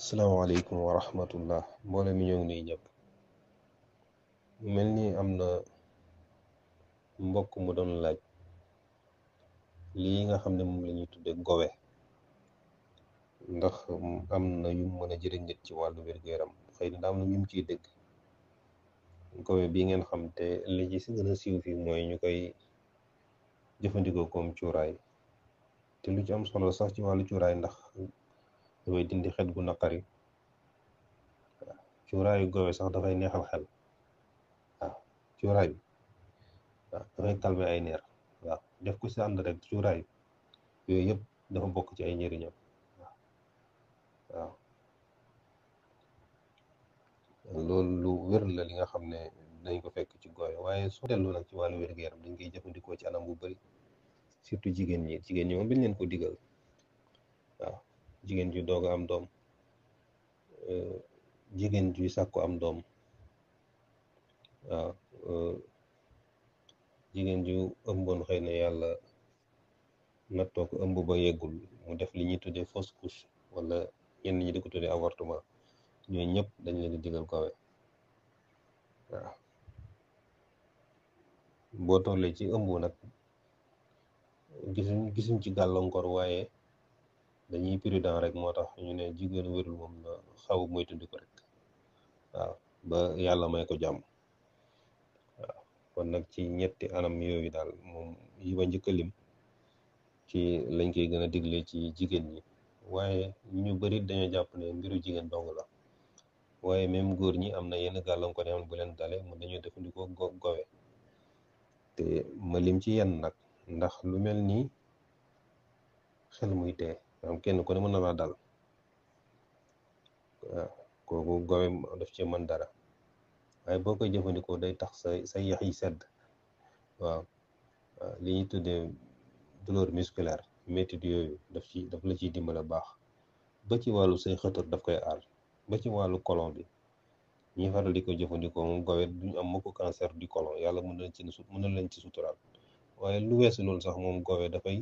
salaamaaleykum wa rahmatullah mboole mi ñëw nii ñëpp mel ni am na mbokk mu doon laaj lii nga xam ne moom la ñuy tudde gowe ndax am na yu mën a ci wàllu wér-gu-yaram xëy na am na ñu ciy dégg gowe bi ngeen xam te li si gën a siiw fii mooy ñu koy jëfandikoo comme cuuraay te lu ci am solo sax ci wàllu cuuraay ndax dafay dindi xet gu naqari waaw cuuraayu goowe sax dafay neexal xel waaw bi waaw dafay calmer ay neer waaw def ko si ànd rek cuuraay yooyu yëpp dafa bokk ci ay njëriñam waaw loolu lu wér la li nga xam ne dañ ko fekk ci gooye waaye soo dellu nag ci wàllu wér-gu-yaram dañ koy jëfandikoo ci anam bu bari surtout jigéen ñi jigéen ñi moom dañ leen ko digal waaw jigéen ju doog am doom euh, jigéen juy sàkku am doom waaw euh, jigéen ju ëmboon xëy na yàlla na toog ëmb ba yeggul mu def li ñuy tuddee fausse couche wala ñenn ñi di ko tuddee avortement ñooñu ñëpp dañ leen di digal kowe waaw boo tollee ci ëmb nag gisuñ gisuñ ci gàllankoor waaye dañuy prudent rek moo tax ñu ne jigéen wérul moom na xaw moytandiku rek waaw ba yàlla may ko jàmm waaw kon nag ci ñetti anam yooyu daal moom yi ba njëkk lim ci lañ koy gën a digle ci jigéen ñi waaye ñu bëri dañoo jàpp ne mbiru jigéen dong la waaye même góor ñi am na yenn gàllankoor yoo xam ne bu leen dale mu dañoo defandikoo go gowe te ma lim ci yenn nag ndax lu mel nii xel muy tee am kenn ku ne mën na laa dal waaw kooku gowe daf ci mën dara waaye boo koy jëfandikoo day tax sa sa yax yi sedd waaw li ñuy tuddee douleur musculaire métit yooyu daf ci daf la ciy dimbale baax ba ci wàllu say xëtër daf koy aar ba ci wàllu colon bi ñi faral di ko jëfandikoo moom gowe duñu am mukk cancer du colon yàlla mën na leen ci mën na leen ci suturaal waaye lu weesu loolu sax moom gowe dafay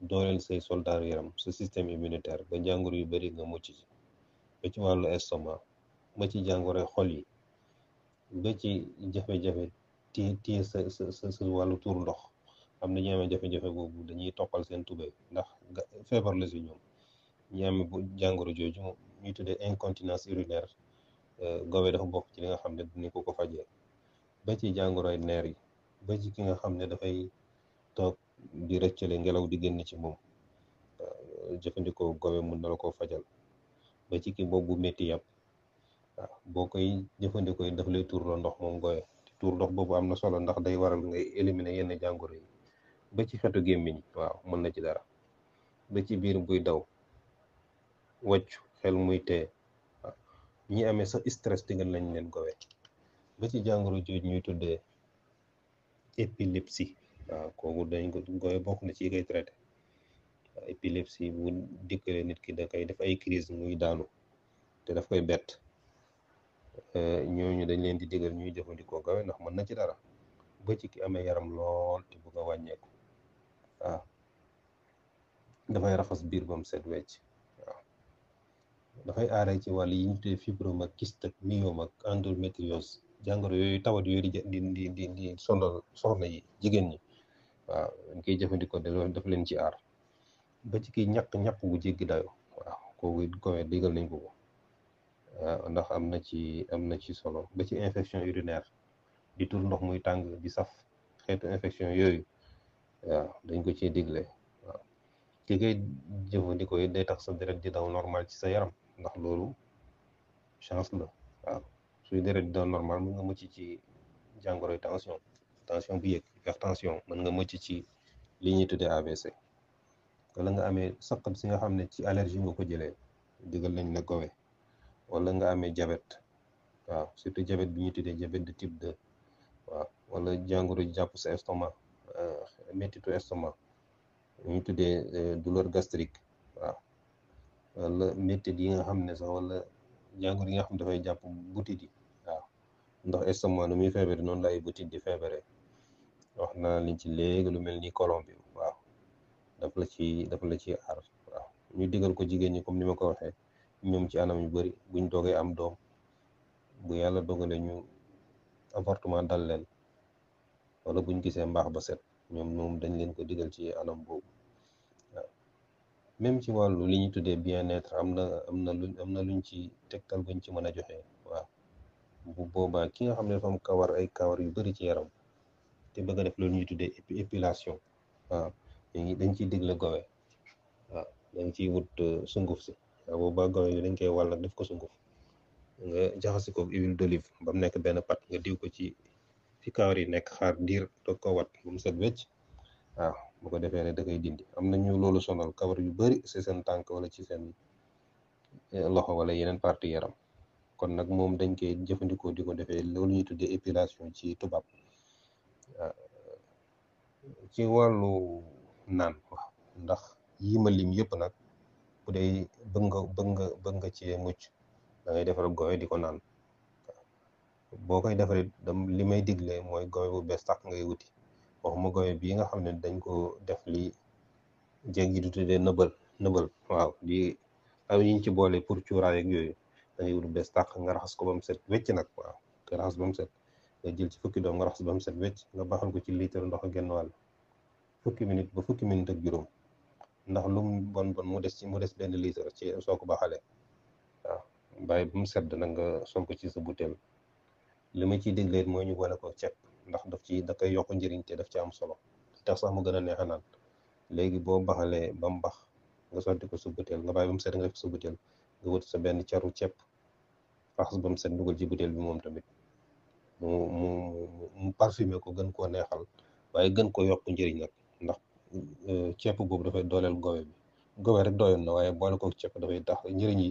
dooleel say soldaaru yaram sa système immunitaire ba jàngoro yu bari nga mucc ci ba ci wàllu estomac ba ci jàngoro xol yi ba ci jafe-jafe téye téye sa sa sa sa wàllu tuur ndox am na ñu amee jafe-jafe boobu dañuy tokkal seen tubéy ndax feebar la si ñoom ñi bu jàngoro jooju ñuy tuddee incontinence urinaire euh, gobe dafa bokk ci li nga xam ne ni ko fajee ba ci jàngoroy neer yi ba ki nga xam ne dafay toog di rëccale ngelaw di génn ci moom euh, jëfandikoo gowe mun na la koo fajal ba ci ki bopp bu métti yàpp boo koy jëfandikoo daf lay tuurloo ndox moom gowe tuur ndox boobu am na solo ndax day waral ngay éliminer yenn jàngoro yi ba ci xetu gémmiñ waaw mën na ci dara ba ci biir buy daw wàccu xel muy tee waaw ñi amee sa stress digal lañ leen gowe ba ci jàngoro jooju ñuy tuddee épilepsie waaw kooku dañ ko koy bokk na ci koy traité épilepsie bu dikkalee nit ki da koy def ay crise muy daanu te daf koy bett euh, ñooñu dañ leen di digal ñuy jëfandikoo gawe ndax mën na ci dara ba ci ki amee yaram lool te bëgg a wàññeeku waaw dafay raxas biir bam set wecc waaw dafay aare ci wàll yi ñu tuddee fibrome ak kyste ak myome ak endométriose jàngoro yooyu tawat yooyu di di di yi jigéen ñi waaw dañ koy jëfandikoo de dafa leen ci aar ba ci kii ñàkk ñàkk bu jéggi dayo waaw kooku it gowe digal nañ ko ko ndax am na ci am na ci solo ba ci infection urinaire di tur ndox muy tàng di saf xeetu infection yooyu waaw dañ ko ciy digle waaw ki koy jëfandikoo tax sa deret di daw normal ci sa yaram ndax loolu chance la waaw suy deret di daw normal mu nga mucc ci jàngoroy tension tension bu yëg hypertension mën nga mucc ci li ñuy tuddee AVC wala nga amee saqat si nga xam ne ci allergie nga ko jëlee digal nañ ne gowe wala nga amee jabet waaw surtout jabet bi ñuy tuddee jabet de type 2 waaw wala jàngoro jàpp sa estomac euh, méttitu estomac ñu tuddee euh, douleur gastrique waaw wala méttit yi nga xam ne sax wala jàngoro yi nga xam ne dafay jàpp butit yi waaw ndax estomac nu muy feebare noonu lay butit di wax naa liñ ci léegi lu mel ni colon bi waaw dafa la ci dafa la ci aar waaw ñu digal ko jigéen ñi comme ni ma ko waxee ñoom ci anam yu bëri buñ doogee am doom bu yàlla dogalee ñu aportement dal leen wala guñ gisee mbaax ba set ñoom moom dañ leen ko digal ci anam boobu waaw ci wàllu li ñu tuddee bien-être am na am na lu am na luñ ci tegtal buñ ci mën a joxe waaw bu ki nga xam ne dafa kawar ay kawar yu bari ci yaram te bëgg a def loolu ñuy tuddee épilation waaw léegi dañ ciy digle gowe waaw dañ ciy wut euh, sunguf si waaw boobu ba dañ koy wàll def ko sunguf nga jaxasi ko huile d'olive ba mu nekk benn pat nga diw ko ci fi kawar yi nekk xaar diir doog ko wat ba mu set wecc waaw bu ko defee rek da koy dindi am na ñu loolu sonal kawar yu bëri ci seen tànk wala ci seen eh, loxo wala yeneen parti yaram kon nag moom dañ koy jëfandikoo di ko defee loolu ñuy tuddee épilation ci tubaab ci wàllu naan quoi ndax ma lim yépp nag bu dee bëgg nga bëgg nga ci nga cee defar gowe di ko naan boo koy defarit dam li may digle mooy gowe bu bees tàq ngay wuti waxuma gowe bii nga xam ne dañ ko def li jéeg yi du tuddee nëbal nëbal waaw di aw ñu ci boole pour cuuraay ak yooyu da ngay wut bees tàq nga raxas ko ba set wecc nag waaw nga raxas ba mu set nga jël ci fukki doom nga raxas ba mu set wecc nga baxal ko ci litre ndox genn wàll fukki minute ba fukki minute ak juróom ndax lu mu bon bon mu des ci mu des benn litre ci soo ko baxalee waaw bàyyi ba mu sedd nag nga sol ko ci sa butéel li ma ciy déglee mooy ñu boole ko ceeb ndax daf ci da koy yokk njëriñ te daf ci am solo tax sax mu gën a neex naan léegi boo baxalee ba mu bax nga sotti ko sa butéel nga bàyyi ba mu sedd nga def ko sa butéel nga wut sa benn caru ceeb raxas ba mu set ci butéel bi moom tamit. mu mu mu parfumer ko gën koo neexal waaye gën ko yokk njëriñ nag ndax euh, ceeb boobu dafay dooleel gowe bi gowe rek doyoon na waaye boole ko ceeb dafay tax njëriñ yi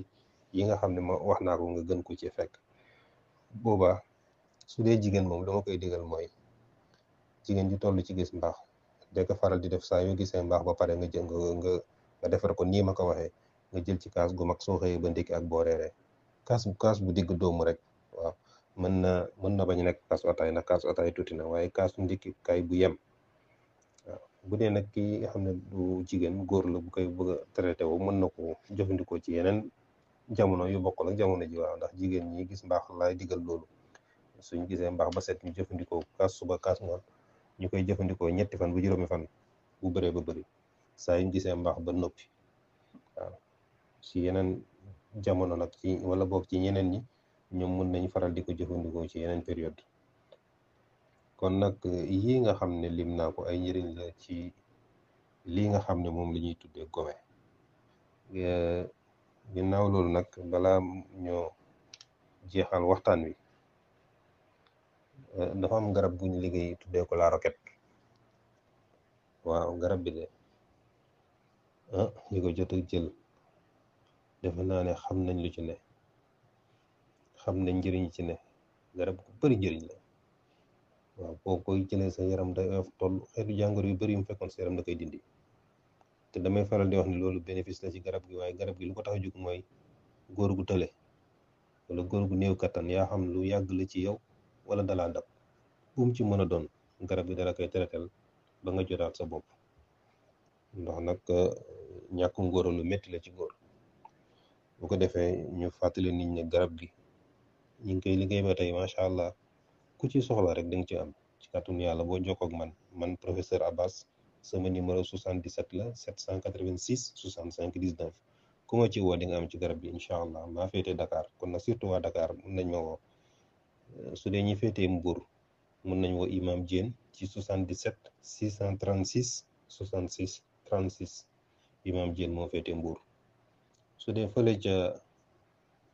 yi nga xam ne ma wax naa ko nga gën ko ci fekk booba su dee jigéen moom dama koy digal mooy jigéen tool toll ci gis mbaax de ko faral di def saa yoo gisee mbaax ba pare nga jël nga nga nga defar ko nii ma ko waxee nga jël ci kaas gu mag soo xëyee ba ndékki ak boo kaas bu kaas bu digg doomu rek mën na mën na bañ nekk kaas otaay ndax kaas otaay tuuti na waaye kaasu ndikki kaay bu yem bu dee nag ki xam ne du jigéen góor la bu koy bëgg traité wu mën na ko jëfandikoo ci yeneen jamono yu bokkul ak jamono ji ndax jigéen ñi gis mbaax laay digal loolu suñ gisee mbaax ba set ñu jëfandikoo kaas suba kaas ngoon ñu koy jëfandikoo ñetti fan bu juróomi fan bu bëree ba bëri saa yuñ mbaax ba noppi waaw si yeneen jamono nag ci wala boog ci ñeneen ñi ñoom mun nañ faral di ko jëfandikoo ci yeneen période kon nag yi nga xam ne lim naa ko ay njëriñ la ci lii nga xam ne moom lañuy ñuy tuddee gome ginnaaw loolu nag balaa ñoo jeexal waxtaan wi eh, dafa am garab bu ñu liggéey tuddee ko la roquette waaw garab bi de ah ñi ko jot a jël defe naa ne xam nañ lu ci ne xam ne njëriñ ci ne garab gu bëri njëriñ la waaw boo koy jëlee sa yaram day oyof xeetu jàngoro yu bari yu fekkoon sa yaram da koy dindi te damay faral di wax ne loolu bénéfice la ci garab gi waaye garab gi lu ko tax a jóg mooy góor gu tële wala góor gu néew kattan yaa xam lu yàgg la ci yow wala dalaa dab um ci mën a doon garab gi dala koy teretel ba nga jotaat sa bopp ndox nag euh, ñàkkum góor lu metti la ci góor bu ko defee ñu fàttali nit ñi ne garab gi ñu ngi koy liggéey ba tey macha allah ku ci soxla rek da nga ci am ci kàttanu yàlla boo jokkoo ak man man professeur Abbas sama numéro 77 la 786 65 19 ku ma ci woo di nga am ci garab bi incha allah maa féete Dakar kon nag surtout waa Dakar mun nañ ma woo euh, su dee ñi féetee Mbour mun nañ woo Imam Diène ci 77 636 66 36 Imam Diène moo féete Mbour su dee fële ca.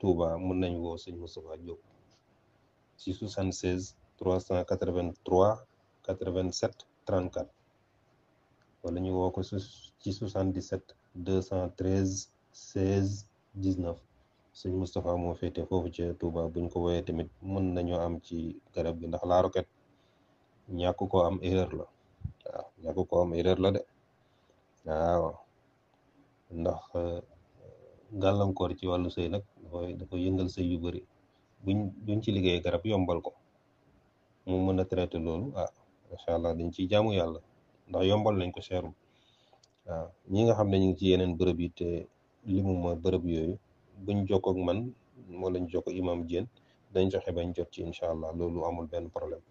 Touba mën nañ woo sëñ Moustapha Diop ci 76 383 87 34 wala ñu woo ko ci 77 213 16 19 sëñ Moustapha moo féete foofu ci Touba buñ ko woowee tamit mën nañoo am ci garab gi ndax la roquette ñàkk ko am erreur la waaw ñàkk ko am erreur la de waaw ndax euh, gàllankoor ci wàllu sëy nag da ko yëngal sëy yu bëri buñ buñ ci liggéey garab yombal ko moom mën a traité loolu ah macha allah dañ ciy jaamu yàlla ndax yombal nañ ko seerum waaw ah, ñi nga xam ne ñu ngi ci yeneen bërëb yi te limuma bërëb yooyu buñ jokkook man moo lañ jokko imam Diène dañ joxe bañ jot ci incha allah loolu amul benn problème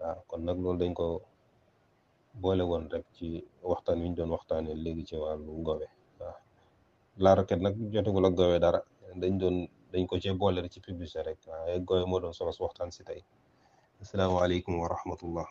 waaw ah, kon nag loolu dañ ko boole woon rek ci waxtaan wi ñu doon waxtaanee léegi ci wàllu ngowe waaw ah, laa raket nag jotagul ak gowe dara dañ doon dañ ko cee boole ci publicité rek waaye gooy moo doon solos waxtaan si tey asalaamaaleykum wa rahmatullah